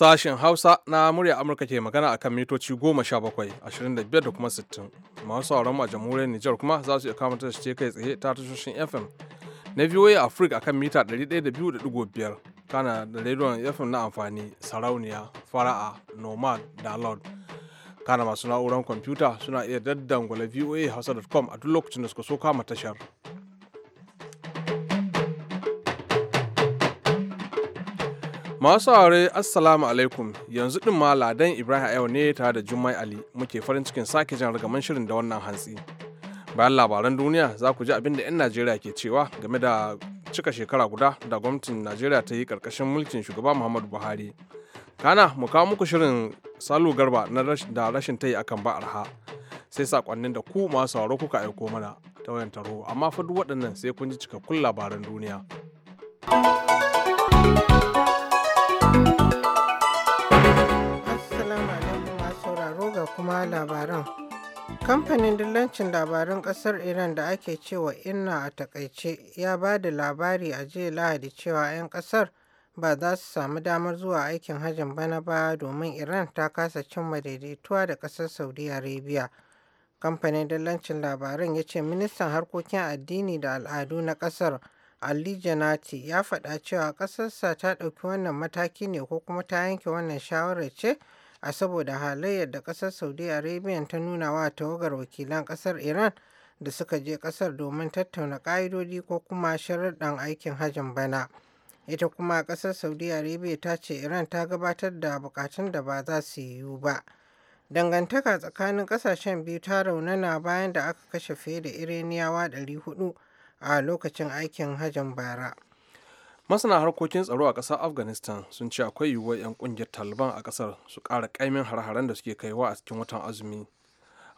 Sashen Hausa na murya Amurka ke magana a kan mitoci 17, da kuma 60. Masu sauran a jamhuriyar Nijar kuma za su iya kama ta ce kai tsaye ta tashoshin FM na VOA Africa akan mita 102.5 kana da rediyon FM na amfani sarauniya, fara'a, nomad da lord. Kana masu na'urar kwamfuta suna iya daddangwale voa hausa.com a duk lokacin da suka so kama tashar. Masu aure Assalamu alaikum yanzu ɗin ma Ladan Ibrahim yau ne tare da Jummai Ali muke farin cikin sake jan rigaman shirin da wannan hantsi. Bayan labaran duniya za ku ji abin da 'yan Najeriya ke cewa game da cika shekara guda da gwamnatin Najeriya ta yi karkashin mulkin shugaba Muhammadu Buhari. Kana mu kawo muku shirin Salu Garba na da rashin tayi akan ba arha. Sai sakonnin da ku masu sauraro kuka aiko mana ta wayan taro amma fa duk waɗannan sai kun ji cikakkun labaran duniya. thank you kuma labaran. Kamfanin dillancin labaran ƙasar Iran da ake cewa Inna a takaice ya ba da labari a jiya Lahadi cewa 'yan ƙasar ba za su samu damar zuwa aikin hajjin bana ba domin Iran ta kasa cimma daidaituwa da ƙasar Saudi Arabia. Kamfanin dillancin labaran ya ce ministan harkokin addini da al'adu na ƙasar Ali Janati ya faɗa cewa ƙasarsa ta ɗauki wannan mataki ne ko kuma ta yanke wannan shawarar ce a saboda halayyar da ƙasar saudi arabia ta nuna wa tawagar wakilan ƙasar iran da suka je ƙasar domin tattauna ƙa'idodi ko kuma sharaɗin aikin hajjin bana ita kuma ƙasar saudi arabia ta ce iran ta gabatar da bukatun da ba za su yiwu ba dangantaka tsakanin ƙasashen biyu ta raunana bayan da aka kashe fiye da iraniyawa 400 a lokacin aikin hajjin bara. masana harkokin tsaro a ƙasar afghanistan sun ce akwai yiwuwar 'yan ƙungiyar taliban a ƙasar su kara kaimin har haren da suke kaiwa a cikin watan azumi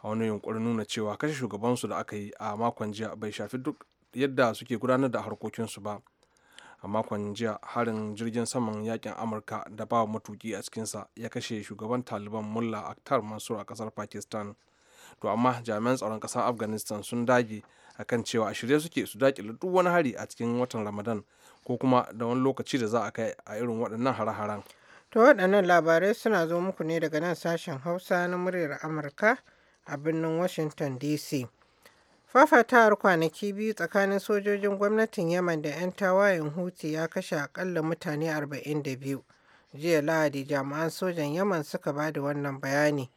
a wani yunkurin nuna cewa kashe shugabansu da aka yi a makon jiya bai shafi duk yadda suke gudanar da harkokinsu ba a makon jiya harin jirgin saman yakin amurka da ba matuki a cikinsa ya kashe shugaban taliban mullah akhtar mansur a ƙasar pakistan to amma jami'an tsaron ƙasar afghanistan sun dage akan cewa a shirye suke su daƙile duk wani hari a cikin watan ramadan ko kuma da wani lokaci da za a kai a irin waɗannan hare-haren. To waɗannan labarai suna zo muku ne daga nan sashen Hausa na muryar Amurka a birnin Washington DC. Fafatawar kwanaki biyu tsakanin sojojin gwamnatin Yaman da 'yan tawayen Houthi ya kashe akalla mutane 42. Jiya Lahadi jami'an sojan Yaman suka ba da wannan bayani.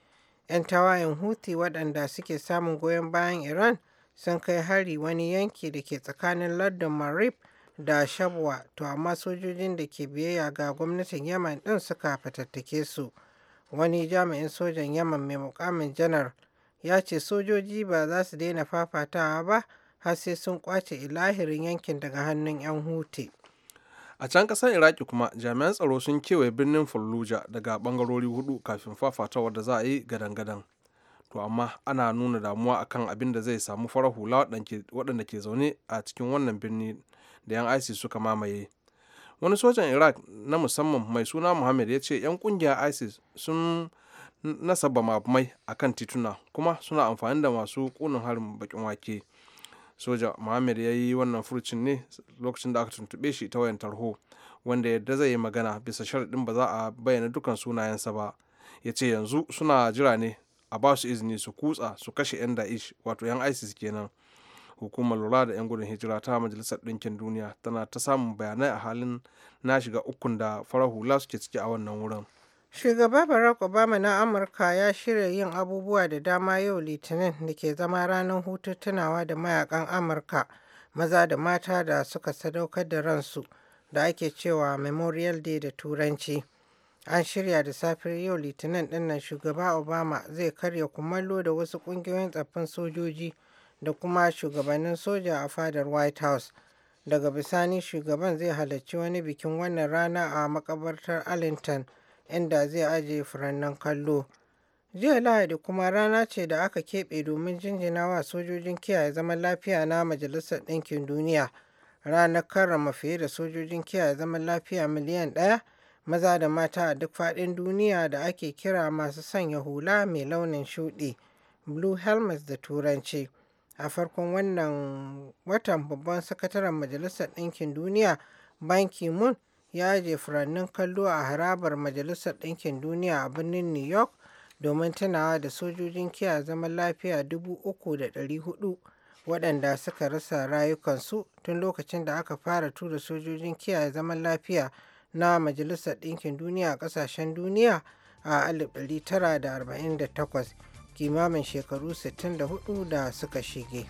'Yan tawayen Houthi waɗanda suke samun goyon bayan Iran sun kai hari wani yanki da ke tsakanin lardin Marib da shabwa to amma sojojin da ke biyayya ga gwamnatin yaman din suka fatattake su wani jami'in sojan yaman mai mukamin janar ya ce sojoji ba za su daina fafatawa ba har sai sun kwace ilahirin yankin daga hannun 'yan hute. a can kasar iraki kuma jami'an tsaro sun kewaye birnin fallujah daga bangarori hudu kafin fafatawar da za a yi gadan-gadan to amma ana nuna damuwa akan abin da zai samu farar hula waɗanda ke zaune a cikin wannan birni da 'yan isis suka mamaye wani sojan iraq na musamman mai suna muhammad ya ce 'yan kungiyar isis sun nasaba mabumai a kan tituna kuma suna amfani da masu kunin harin bakin wake soja muhammad ya yi wannan furucin ne lokacin da aka tuntube shi ta wayan tarho wanda yadda zai yi magana bisa sharaɗin ba za a bayyana dukkan sunayensa ba ya ce yanzu suna jira ne a ba su izini su kutsa su kashe 'yan da'ish wato 'yan isis kenan hukumar lura da 'yan gudun hijira ta majalisar ɗinkin duniya tana ta samun bayanai a halin na shiga ukun da farar hula suke ciki a wannan wurin shugaba barack obama na amurka ya shirya yin abubuwa da dama yau litinin da ke zama ranar hutu tunawa da mayakan amurka maza da mata da suka sadaukar da ransu da ake cewa memorial day da turanci an shirya da safiyar yau litinin dinnan shugaba obama zai karya kumallo da wasu kungiyoyin tsaffin sojoji da kuma shugabannin soja a fadar white house daga bisani shugaban zai halarci wani bikin wannan rana a makabartar arlington inda zai ajiye furannin kallo jiya lahadi kuma rana ce da aka keɓe domin jinjina wa sojojin kiyaye zaman lafiya na majalisar ɗinkin duniya ranar karrama fiye da sojojin kiyaye zaman lafiya miliyan ɗaya maza da mata a duk faɗin duniya da ake kira masu sanya hula mai launin shuɗi blue helmets da turanci a farkon wannan watan babban sakataren majalisar ɗinkin duniya ban ki-moon ya je furannin kallo a harabar majalisar ɗinkin duniya a birnin new york domin tunawa da sojojin kiyaye zaman lafiya 3,400 waɗanda suka rasa rayukansu tun lokacin da aka fara tura sojojin kiyaye zaman lafiya na majalisar ɗinkin duniya a ƙasashen duniya a 1948 kimamin shekaru 64 da suka shige.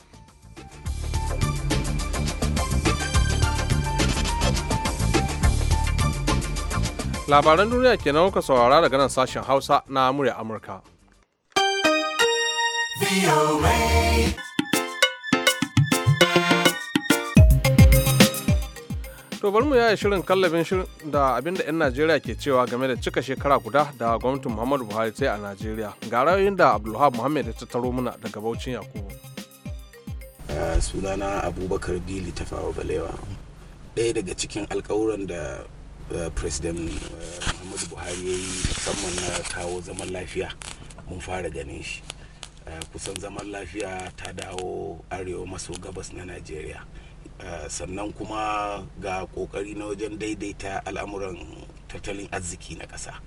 Labaran duniya kenan kuka saurara daga nan sashen Hausa na murya Amurka. To bari mu yaya shirin kallabin shirin da abinda 'yan Najeriya ke cewa game da cika shekara guda da gwamnatin Muhammadu Buhari ta yi a Najeriya. Ga ra'ayoyin da Abdulhab Muhammad ya taro muna daga baucin Yakubu. Sunana Abubakar Bili Tafawa Balewa. Ɗaya daga cikin alkawuran da eh, President eh, Muhammadu Buhari ya yi musamman na kawo zaman lafiya mun fara ganin shi. Eh, kusan zaman lafiya ta dawo arewa maso gabas na Najeriya. Eh, sannan kuma ga kokari na wajen daidaita al'amuran tattalin arziki na ƙasa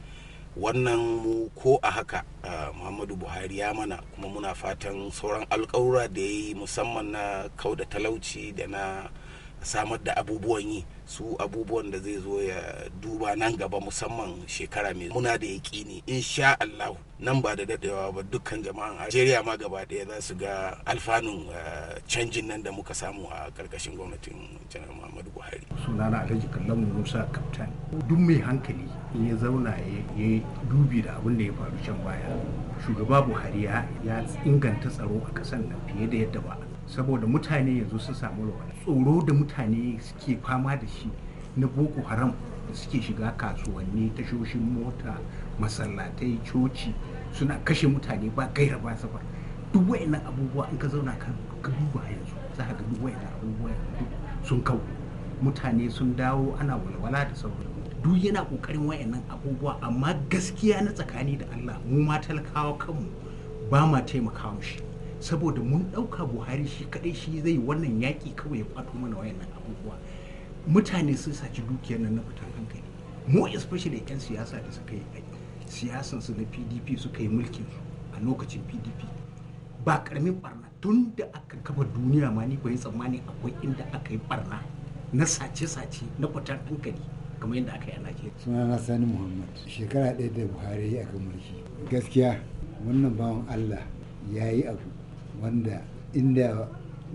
wannan mu ko a haka eh, muhammadu buhari ya mana kuma muna fatan sauran alkawura da ya yi musamman na kauda talauci da na samar da abubuwan yi su abubuwan da zai zo ya duba nan gaba musamman shekara mai muna da yaƙini insha Allah nan ba da dadewa ba dukkan jama'an Algeria ma gaba ɗaya za su ga alfanun eh, canjin nan da muka samu a karkashin gwamnatin janar Muhammadu Buhari sunana Alhaji Kallamu Musa Kaftan duk mai hankali ya zauna ya dubi da abin da ya faru can baya shugaba Buhari ya inganta tsaro a kasan nan fiye da yadda ba a saboda mutane yanzu sun samu rawa tsoro da mutane suke fama da shi na boko haram da suke shiga kasuwanni tashoshin mota masallatai coci suna kashe mutane ba gaira ba safar duk wayannan abubuwa in ka zauna kan ka duba yanzu za ka duk wayannan abubuwa sun kau mutane sun dawo ana walwala da sauran duk yana kokarin wayannan abubuwa amma gaskiya na tsakani da Allah mu ma talakawa kanmu ba ma taimaka shi saboda mun ɗauka buhari shi kaɗai shi zai wannan yaƙi kawai ya kwato mana wayannan abubuwa mutane sun saci dukiyar nan na fitar hankali mu especially 'yan siyasa da suka yi siyasansu na pdp suka yi mulkin a lokacin pdp ba karamin barna tun da aka kafa duniya ma ni bai tsammani akwai inda aka yi barna na sace-sace na fitar hankali kamar yadda aka yi a najeriya suna na sani muhammad shekara ɗaya da buhari ya aka mulki gaskiya wannan bawan allah ya yi abu wanda inda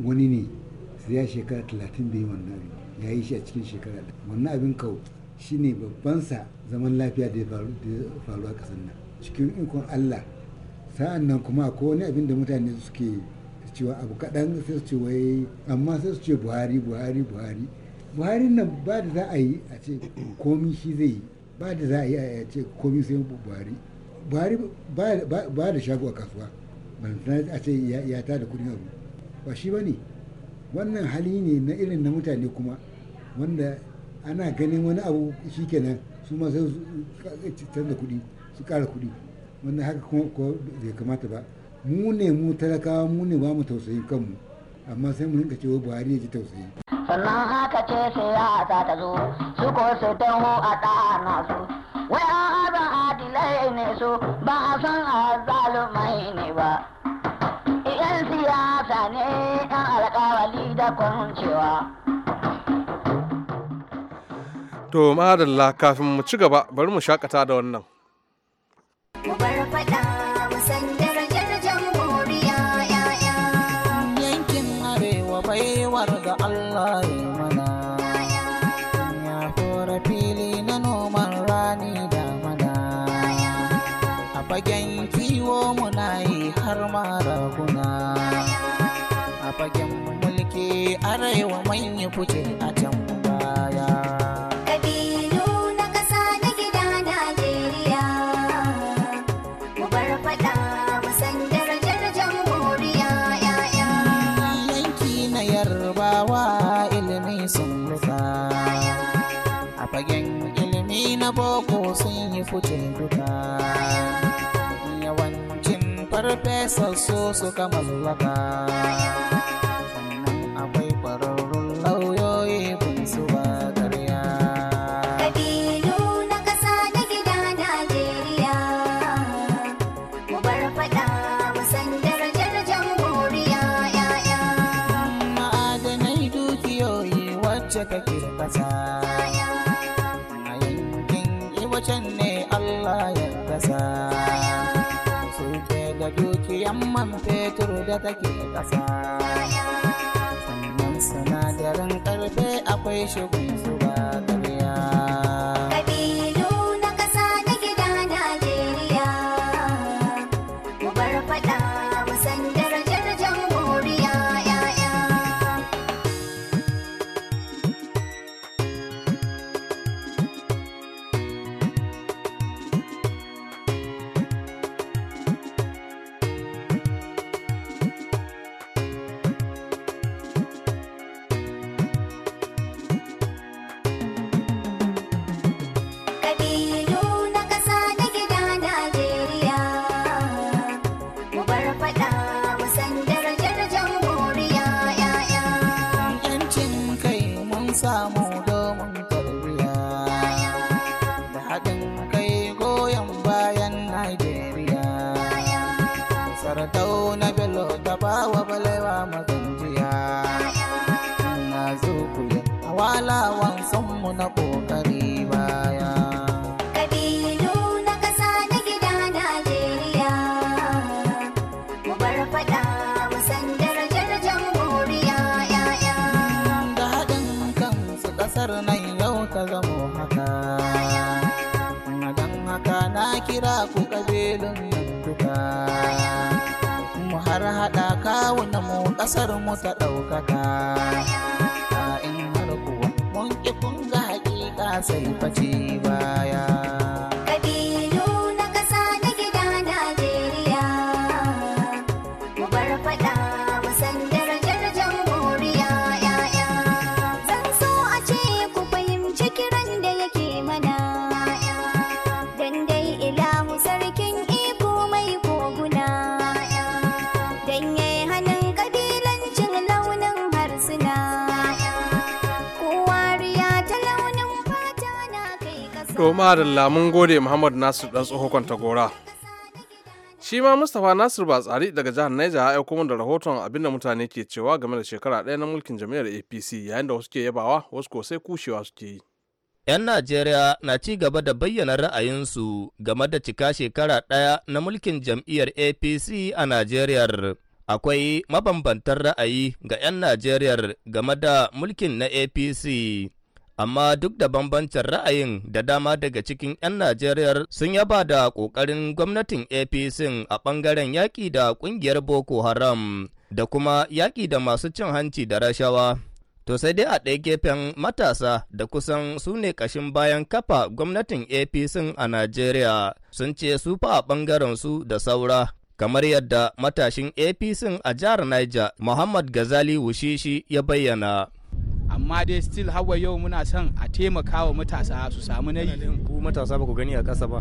wani ne sai ya shekara talatin da yi wannan abin ya yi shi a cikin shekara da wannan abin kau shine babbansa zaman lafiya da ya faru a ƙasar nan cikin ikon allah sa'an nan kuma ko wani abin da mutane suke cewa abu kaɗan sai su ce wai amma sai su ce buhari buhari buhari buhari nan ba da za a yi a ce komi shi zai yi ba da za a yi a ce komi sai buhari buhari ba da shago a kasuwa balantana a ce ya ta da kudin abu ba shi ba ne wannan hali ne na irin na mutane kuma wanda ana ganin wani abu shi kenan su ma sai su canza kudi su kara kudi wanda haka kuma bai kamata ba mu ne mu talakawa mu ne ba mu tausayin kanmu amma sai mu rinka cewa buhari ya ji tausayi sannan haka ce siyasa ta zo su ko su taho a ɗana su wai an adilai ne su ba a san azalumai ne ba siyasa ne ɗan alƙawali da kwancewa. To kafin mu ci gaba bari mu shakata da wannan. Mu arewa baiwar ga Allah ya mana. Ya kora fili na noman rani da mana. A fagen kiwo muna yi kai har ma raguna a fagen mulki arewa manya fice a can baya kabilu na ƙasa na gida najeriya mu bar faɗa mu san darajar yaya yanki na yarbawa ilimi sun rusa a fagen ilimi na boko sun yi fice duka farfesan so suka mazuwaka da take ƙasa sannan sinadarin ƙarfe akwai shigo samu domin tarbiya da haɗin kai goyon bayan Najeriya. Sartau na Bello ta bawa balewa magana. kasar mu ta ɗaukaka in har kuwa mun ƙi kun ga hakika sai face baya To da mun gode Muhammad Nasir dan tsoho kwanta gora. Shi ma Mustapha Nasir ba tsari daga jihar Niger ya aiko mun da rahoton abinda mutane ke cewa game da shekara ɗaya na mulkin jami'ar APC yayin da wasu ke yabawa wasu ko sai kushewa suke yi. 'Yan Najeriya na ci gaba da bayyana ra'ayinsu game da cika shekara ɗaya na mulkin jam'iyyar APC a Najeriya. Akwai mabambantan ra'ayi ga 'yan Najeriya game da mulkin na APC. amma duk da bambancin ra'ayin da dama daga cikin 'yan Najeriya sun yaba da ƙoƙarin gwamnatin APC a ɓangaren yaƙi da ƙungiyar Boko Haram da kuma yaƙi da masu cin hanci da rashawa. To sai dai a ɗaya gefen matasa da kusan su ne ƙashin bayan kafa gwamnatin APC a Najeriya sun ce su fa a ɓangaren su da saura kamar yadda matashin APC a jihar Niger Muhammad Gazali Wushishi ya bayyana. amma dai still hawa yau muna son a taimaka wa matasa su samu na yi ku matasa ba ku gani a ƙasa ba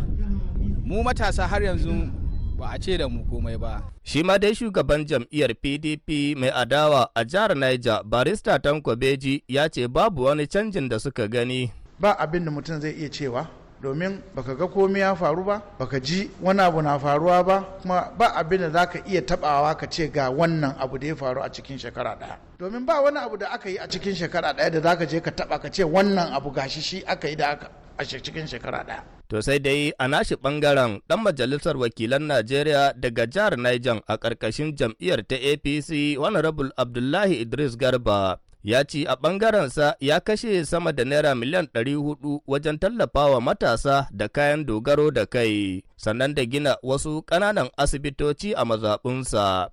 mu matasa har yanzu ba a ce da mu komai ba shi ma dai shugaban jam'iyyar pdp mai adawa a jihar niger barista tanko beji ya ce babu wani canjin da suka gani ba abin da mutum zai iya cewa domin baka ga komai ya faru ba baka ji wani abu na faruwa ba kuma ba abin da zaka iya tabawa ka ce ga wannan abu da ya faru a cikin shekara daya domin ba wani abu da aka yi a cikin shekara daya da zaka je ka taba ka ce wannan abu gashi shi aka yi da aka a cikin shekara daya To sai dai a nashi bangaren dan majalisar wakilan Najeriya daga jihar Niger a karkashin jam'iyyar ta APC rabul Abdullahi Idris Garba ya ce a ɓangarensa ya kashe sama da naira miliyan 400 wajen tallafawa matasa da kayan dogaro da kai sannan da gina wasu ƙananan asibitoci a mazaɓinsa.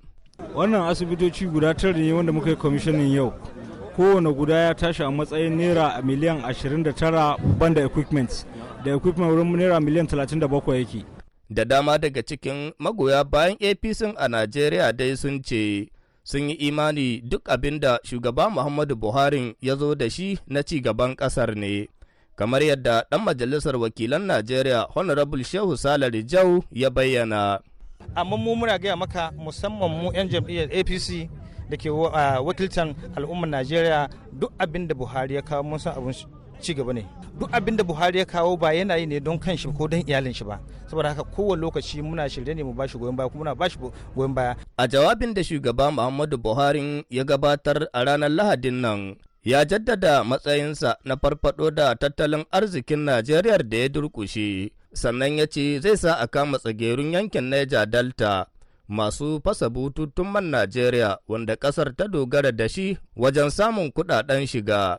wannan asibitoci guda tara ne wanda muka yi kwamishinin yau kowane guda ya tashi a matsayin naira miliyan 29 banda equipment da equipment wurin naira miliyan 37 yake da dama daga cikin magoya bayan apc a najeriya dai sun ce sun yi imani duk abin da shugaba Muhammadu Buhari ya zo da shi na ci gaban ƙasar ne. Kamar yadda ɗan majalisar wakilan Najeriya Honorable Shehu Salar Jau ya bayyana. Amma mu muna gaya maka musamman mu 'yan jam'iyyar APC da ke uh, wakiltan al'ummar Najeriya duk abin da Buhari ya kawo mun san ci gaba ne duk abin da buhari ya kawo ba yana yi ne don kanshi ko don iyalin shi ba saboda haka kowane lokaci muna shirye ne mu bashi goyon baya kuma muna bashi goyon baya a jawabin da shugaba muhammadu buhari ya gabatar a ranar lahadin nan ya jaddada matsayinsa na farfado da tattalin arzikin najeriya da ya durkushe sannan ya ce zai sa a kama tsagerun yankin niger delta masu fasa bututun man najeriya wanda kasar ta dogara da shi wajen samun kudaden shiga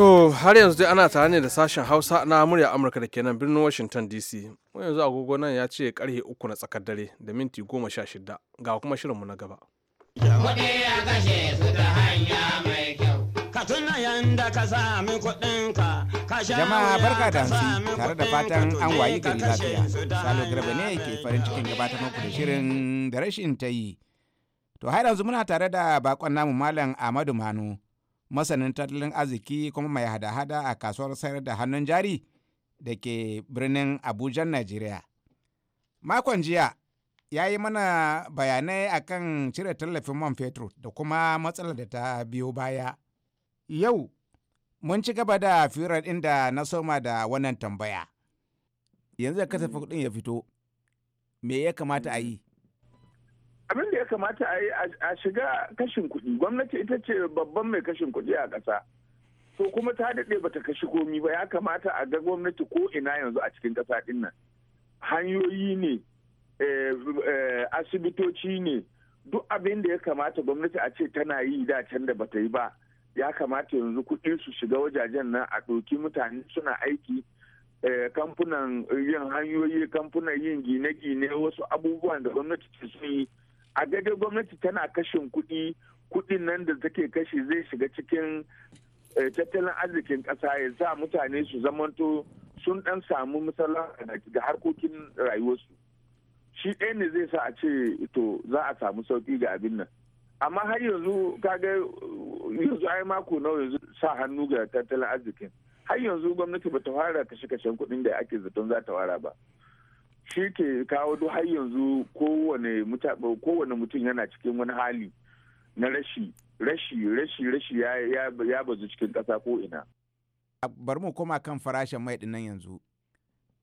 To har yanzu dai ana tare ne da sashen Hausa na murya Amurka da kenan birnin Washington DC. wani yanzu agogo nan ya ce karhe uku na tsakar dare da minti goma sha shida ga kuma shirinmu na gaba. Kuɗi a kashe su hanya mai kyau. Jama'a barka da hansi tare da fatan an wayi gari lafiya. Salo Garba ne ke farin cikin gabata muku da shirin da rashin ta yi. To har yanzu muna tare da bakon namu Malam Ahmadu Manu. masanin tattalin arziki kuma mai hada-hada a kasuwar sayar da hannun jari da ke birnin abuja najeriya makon jiya ya yi mana bayanai akan cire tallafin man fetur da kuma matsalar da ta biyo baya yau mun ci gaba da firar inda na soma da wannan tambaya yanzu da kasafin kuɗin ya fito me ya kamata a yi kamata a a shiga kashin kuɗi gwamnati ita ce babban mai kashin kuɗi a ƙasa to kuma ta daɗe ta kashi komi ba ya kamata a ga gwamnati ko ina yanzu a cikin ƙasa ɗin nan hanyoyi ne eh, eh, asibitoci ne duk abin da ya kamata gwamnati a ce tana yi da can da bata yi ba ya kamata yanzu kuɗi su shiga wajajen nan a ɗauki mutane suna aiki eh, kamfunan yin hanyoyi kamfunan yin gine-gine wasu abubuwan da gwamnati ce sun yi a daidai gwamnati tana kashin kuɗi kuɗin nan da take kashi zai shiga cikin eh, tattalin arzikin ƙasa ya sa mutane su zamanto sun ɗan samu matsala ga harkokin rayuwarsu shi ɗaya ne zai sa a ce to za a samu sauƙi ga abin nan amma har yanzu kaga yanzu ai mako nawa yanzu sa hannu ga tattalin arzikin har yanzu gwamnati bata fara kashe kashen kuɗin da ake zaton za ta fara ba shi ke kawo duk har yanzu kowane mutum yana cikin wani hali na rashi rashi rashi rashi ya bazu cikin ƙasa ko ina. bari mu koma kan farashin mai dinnan yanzu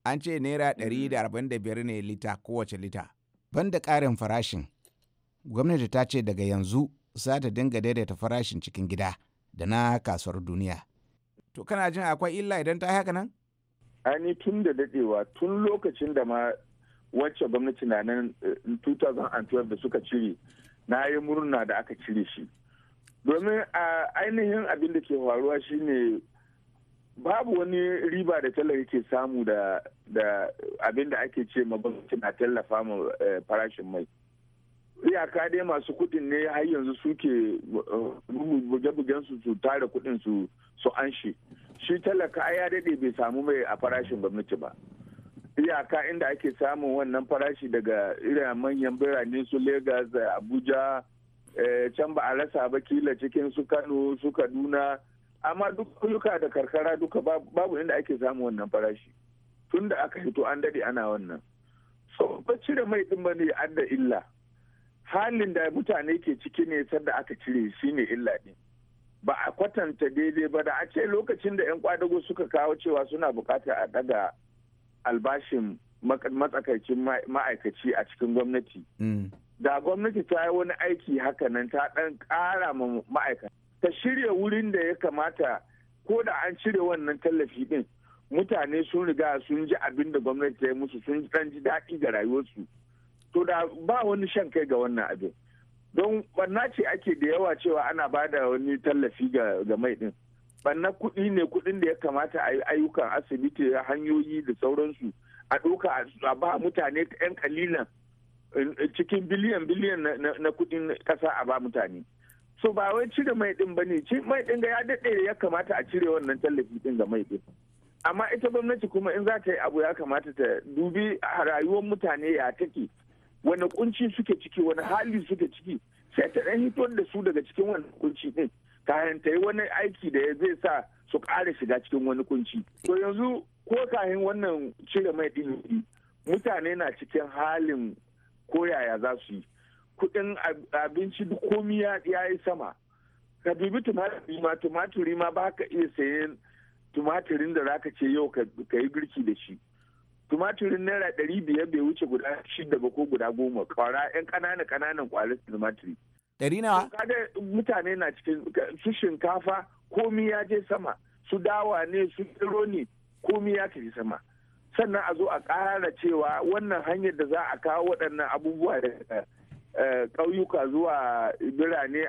an ce naira mm. ɗari da arba'in da biyar ne lita kowace lita banda ƙarin farashin gwamnati ta ce daga yanzu za ta dinga daidaita farashin cikin gida da na kasuwar duniya to kana jin akwai illa idan ta haka nan ani tun da dadewa tun lokacin da ma wacce gwamnati na nan 2012 eh, da suka cire na yi murna da aka cire shi domin a ainihin abin da ke faruwa shine babu wani riba da tallafi ke samu da abin da ake ce ma gwamnati na tallafa ma eh, farashin mai iyaka dai masu kudin ne har yanzu suke eh, buge-bugen su tara kudin su su anshi shi talaka ya daɗe bai samu mai a farashin mace ba iyaka inda ake samun wannan farashi daga irin manyan birane su lagos da eh, Abuja eh, can ba a rasa ba kila cikin su Kano su Kaduna amma duk kuluka da karkara duka babu inda ake samun wannan farashi tun da aka hito an dade ana wannan so ba cire mai din ba ne adda illa halin da mutane ke ciki ne sanda aka cire shine illa din ba a kwatanta daidai ba da a ce lokacin da 'yan kwadago suka kawo cewa suna bukatar a daga albashin matsakaicin ma'aikaci a cikin gwamnati mm. da gwamnati ta yi wani aiki hakanan ta dan kara ma ma'aikata ta shirya wurin da ya kamata ko da an cire wannan tallafi din mutane sun riga sun ji abin da gwamnati ta yi musu sun dan ji daɗi ga rayuwarsu to da ba wani shan kai ga wannan abin don banna ce ake da yawa cewa ana ba da wani tallafi ga mai din banna kuɗi ne kuɗin da ya kamata a yi ayyukan asibiti hanyoyi da sauransu a ɗauka a ba mutane yan kalilan cikin biliyan biliyan na kuɗin ƙasa a ba mutane so ba wai cire mai din ne? ci mai din ga ya daɗe ya kamata a cire wannan tallafi din ga mai din amma ita gwamnati kuma in za ta yi abu ya kamata ta dubi rayuwar mutane ya take wani kunci suke ciki wani hali suke ciki sai ta ɗan hito da su daga cikin wani kunci ɗin kayan ta yi wani aiki da ya zai sa su ƙara shiga cikin wani kunci to yanzu ko kayan wannan cire mai ɗin mutane na cikin halin koyaya za su yi kuɗin abinci duk komi ya yi sama ka dubi tumaturi ma tumaturi ma ba ka iya sayen tumaturin da za ka ce yau ka yi girki da shi tumaturin naira ɗari biyar bai wuce guda shida ba ko guda goma kwara yan ƙananan ƙananan kwarin tumaturi. ɗari nawa. mutane na cikin su shinkafa komi ya je sama su dawa ne su tsiro ne komi ya tafi sama sannan a zo a ƙara cewa wannan hanyar da za a kawo waɗannan abubuwa da eh, ƙauyuka zuwa birane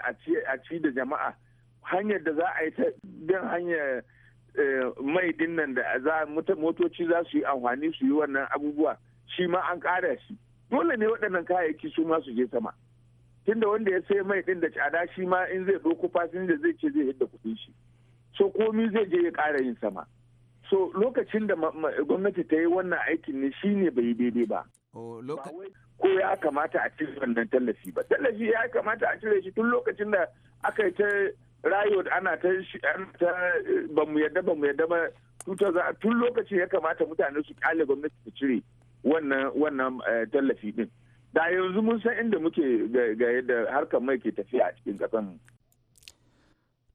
a ci da jama'a hanyar da za a yi ta bin hanyar Eh, mai dinnan da motoci za su yi amfani su yi wannan abubuwa shi ma an ƙara shi dole ne waɗannan kayayyaki su ma su je sama tunda wanda ya sai mai din da tsada shi ma in zai ɗauko fasinja zai ce zai hidda kuɗin shi so komi zai je ya ƙara yin sama so lokacin da gwamnati ta yi wannan aikin ne shi ne bai daidai ba ko ya kamata a cire wannan tallafi ba tallafi ya kamata a cire shi tun lokacin da aka yi ta riot ana ta eh, ba mu yadda ba mu yadda ba tun lokacin ya kamata mutane su kyale gwamnati su cire wannan wannan eh, tallafi din da yanzu mun san inda muke ga yadda harkar mai ke tafiya a cikin kasan mu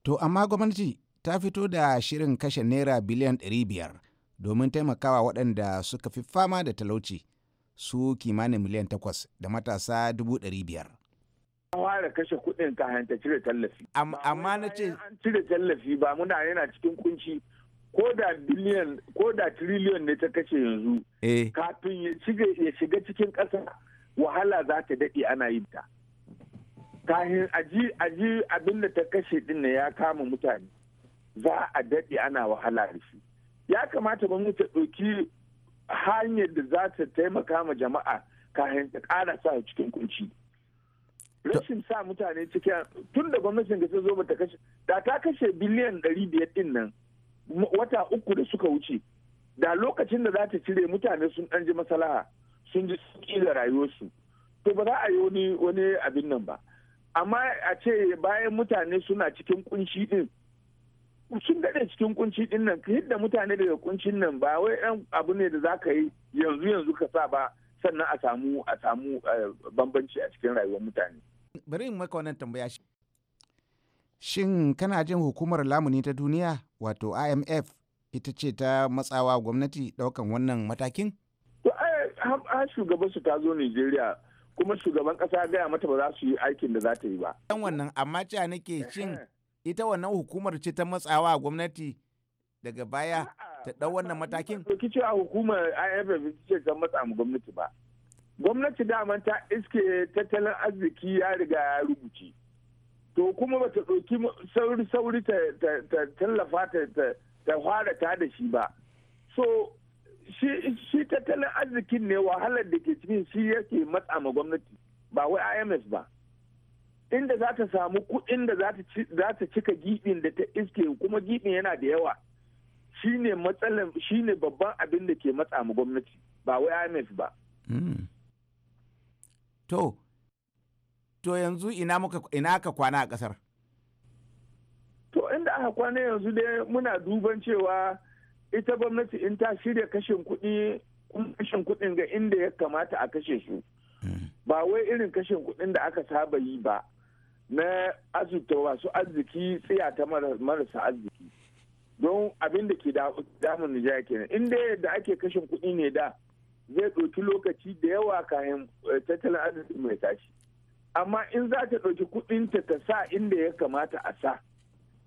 to amma gwamnati ta fito da shirin kashe naira biliyan 500 domin taimakawa waɗanda suka fi fama da talauci su kimanin miliyan 8 da matasa 500 fara kashe kuɗin ka hanta cire tallafi. Amma na ce. An cire tallafi ba muna yana cikin kunci ko da biliyan ko da triliyon ne ta kashe yanzu. Eh. Kafin ya shiga cikin ƙasa wahala za ta daɗe ana yin ta. Kahin aji aji abin da ta kashe ɗin ya kama mutane. Za a daɗe ana wahala da shi. Ya kamata gwamnati ta ɗauki hanyar da za ta taimaka ma jama'a kayan ta ƙara sa cikin kunci. rashin sa mutane cikin tun da gwamnatin da ta zo ta kashe da ta kashe biliyan ɗari biyar nan wata uku da suka wuce da lokacin da za ta cire mutane sun ɗan ji masalaha sun ji suki da rayuwarsu to ba za a yi wani wani abin nan ba amma a ce bayan mutane suna cikin kunci din sun daɗe cikin kunci din nan ka yadda mutane daga kuncin nan ba wai ɗan abu ne da za ka yi yanzu yanzu ka sa ba sannan a samu a samu eh, bambanci a cikin rayuwar mutane bari in maka wannan tambaya shi shin kana jin hukumar lamuni ta duniya wato imf ita ce ta matsawa gwamnati daukan wannan matakin A shugaban su ta zo nigeria kuma shugaban kasa gaya mata ba za su yi aikin da za ta yi ba dan wannan amma cewa nake shin ita wannan hukumar ce ta matsawa gwamnati daga baya ta dau wannan matakin. Rikici a hukumar imf ce ta matsa mu gwamnati ba. gwamnati daman ta iske tattalin arziki ya riga ya rubuce to kuma ba ta ɗauki sauri-sauri ta tallafa ta fara ta da shi ba so shi tattalin arzikin ne wahalar da ke cikin shi yake matsa ma gwamnati ba wai ims ba inda za ta samu kuɗin da za ta cika giɓin da ta iske kuma giɓin yana da yawa shi ne babban abin da ke matsa ma gwamnati ba wai ims ba hmm. to to yanzu ina muka ina aka kwana a kasar to inda aka kwana yanzu dai muna duban cewa ita gwamnati in ta shirya kashin kuɗi kashin kuɗin ga inda ya kamata a kashe su hmm. ba wai irin kashin kuɗin da aka saba yi ba na azurta wasu arziki tsiya ta marasa arziki don abin da ke damun nijar kenan inda yadda ake kashin kuɗi ne da zai ɗauki lokaci da yawa kayan eh, tattalin arziki mai tashi amma in za ta ɗauki kuɗinta ta sa inda ya kamata a sa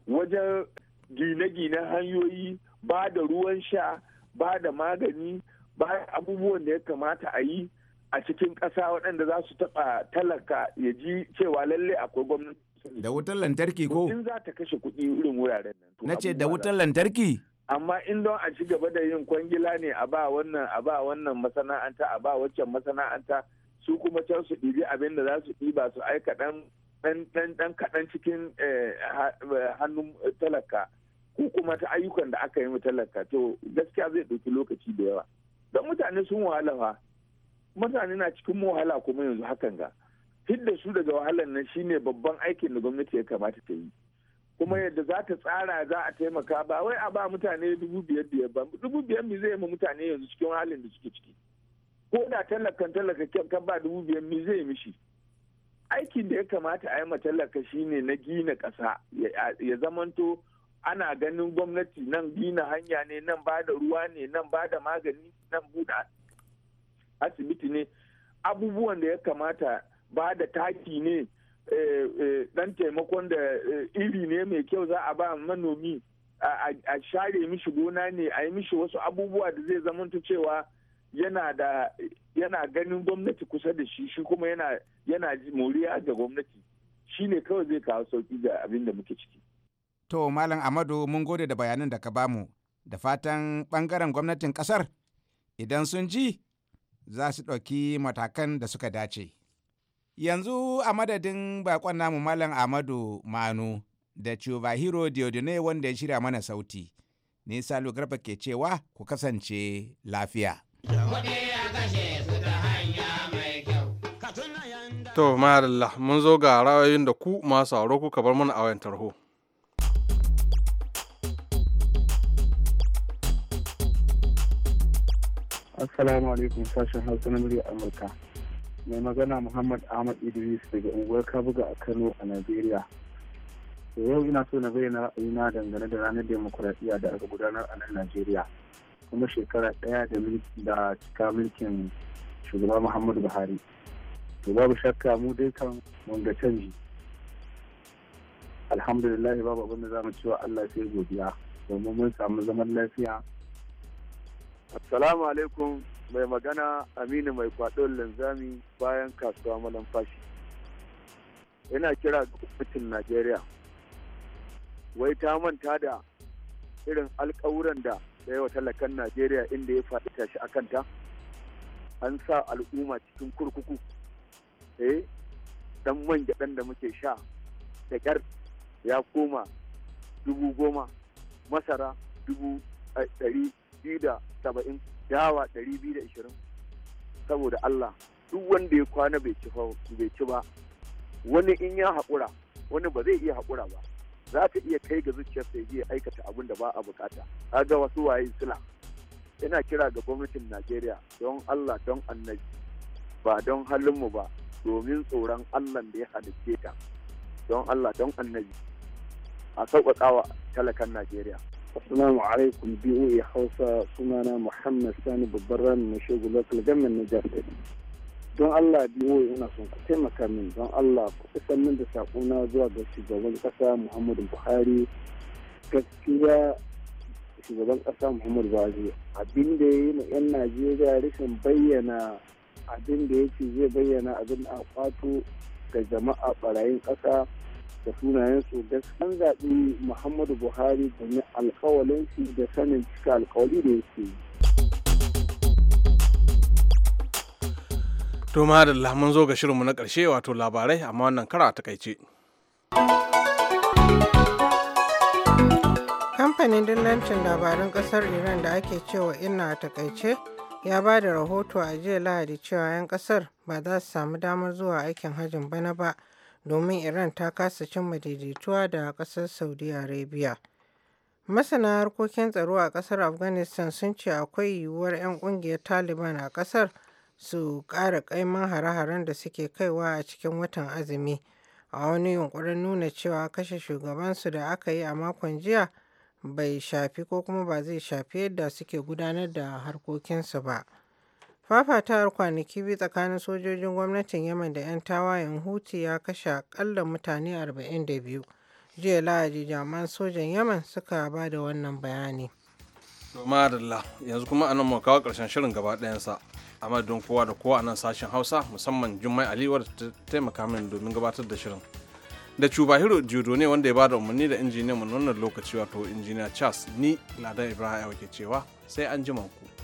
wajen gine-ginen hanyoyi ba da ruwan sha ba da magani ba abubuwan da ya kamata a yi a cikin ƙasa waɗanda za su taɓa talaka ya ji cewa lalle akwai gwamnati da wutar lantarki ko in za ta kashe kuɗi irin wuraren nan na ce da wutar lantarki amma in don a ci gaba da yin kwangila ne a ba wannan a ba wannan masana'anta a ba waccan masana'anta su kuma can su ɗibi abin da za su ɗiba su aika dan ɗan kaɗan cikin eh, eh, hannun talaka ko kuma ta ayyukan da aka yi mu talaka to gaskiya zai ɗauki lokaci da yawa don mutane sun wahala fa mutane na cikin wahala kuma yanzu hakan ga fidda su daga wahalan nan shine babban aikin da gwamnati ya kamata ta yi kuma yadda za ta tsara za a taimaka ba wai a ba mutane dubu biyar biyar ba dubu biyar mi zai ma mutane yanzu cikin halin da suke ciki ko da tallakan tallaka kan ba dubu biyar mi zai mishi aikin da ya kamata a yi matallaka shine na gina ƙasa ya zamanto ana ganin gwamnati nan gina hanya ne nan ba da ruwa ne nan ba da magani nan buɗa asibiti ne abubuwan da ya kamata ba da taki ne Eh, eh, dan taimakon da eh, iri ne mai kyau za a ba manomi a share mishi gona ne a yi mishi wasu abubuwa da zai zamanta cewa yana ganin gwamnati kusa da shi shi kuma yana yana moriya da gwamnati shi ne kawai zai kawo sauki ga abin da muke ciki. To Malam Amadu mun gode da bayanan da ka bamu da fatan bangaren gwamnatin kasar idan sun ji za su ɗauki matakan da suka dace. yanzu a madadin bakon namu malam amadu manu da Chubahiro Diodone wanda ya shirya mana sauti. Ni salu Garba ke cewa ku kasance lafiya. To, Marilla, mun zo ga ra'ayoyin da ku masu auro kuka bar mana a wayan tarho. Assalamu alaikum sashen Hausa na murya Amurka. mai magana muhammad ahmad idris daga unguwar kabuga a kano a najeriya to yau ina so na bayyana ra'ayina dangane da ranar demokuraɗiyya da aka gudanar a nan najeriya kuma shekara ɗaya da cika mulkin shugaba muhammadu buhari to babu shakka mu dai kan mun ga canji alhamdulillah babu abin da zamu cewa allah sai godiya domin mun samu zaman lafiya assalamu alaikum mai magana aminu mai kwadon linzami bayan kasuwa malamfashi yana kira ga gwamnatin najeriya wai ta manta da irin alkawuran da da yawa talakan najeriya inda ya faɗi tashi a kanta an sa al'umma cikin kurkuku eh dan man gyaɗan da muke sha da ƙyar ya koma dubu goma masara dubu eh, ɗari biyu da saba'in dawa ɗari biyu da ishirin saboda Allah duk wanda ya kwana bai ci ba wani in ya haƙura wani ba zai iya haƙura ba za ka iya kai ga zuciyarsa ya aikata abin da ba a bukata ga wasu waye sila yana kira ga gwamnatin najeriya don allah don annabi ba don halinmu ba domin tsoron allah da ya halicce ta don allah don annabi a sauƙaƙawa talakan najeriya Assalamu alaikum BOA Hausa sunana Muhammad Sani babban ramin na shegu local government na Jafet. Don Allah BOA ina son taimaka min don Allah ku isar da saƙona zuwa ga shugaban ƙasa Muhammadu Buhari. Gaskiya shugaban ƙasa Muhammadu Buhari abin da ya yi na 'yan Najeriya rashin bayyana abin da yake zai bayyana abin a kwato ga jama'a barayin ƙasa da sunayensu da an zaɓi muhammadu buhari domin alkawalinsu da sanin cika alkawali da yake yi To da mun zo ga shirinmu na ƙarshe wato labarai amma wannan kara takaice. Kamfanin dillancin labaran kasar Iran da ake cewa ina a takaice ya ba da rahoto a jiya lahadi cewa 'yan ƙasar ba za su samu damar zuwa aikin hajjin bana ba domin Iran ta kasa cimma daidaituwa da ƙasar Saudi Arabia. Masana harkokin tsaro a ƙasar Afghanistan sun ce akwai yiwuwar 'yan ƙungiyar Taliban a ƙasar su ƙara ƙaiman hare-haren da suke kaiwa a cikin watan azumi a wani yunkurin nuna cewa kashe shugabansu da aka yi a makon jiya bai shafi ko kuma ba zai shafi yadda suke gudanar da harkokinsu ba. Fafatawar kwanaki biyu tsakanin sojojin gwamnatin Yemen da ‘yan tawayen huti ya kashe akalla mutane 42. Jiya Lahadi jami'an sojan Yemen suka ba da wannan bayani. Madalla yanzu kuma anan mu kawo ƙarshen shirin gaba ɗayansa a madadin kowa da kowa a nan sashen Hausa musamman Jummai Ali wanda ta taimaka min domin gabatar da shirin. Da Cubahiro Judo ne wanda ya ba da umarni da injiniyan mu wannan lokaci wato injiniya Charles ni Ladan Ibrahim ke cewa sai an jima ku.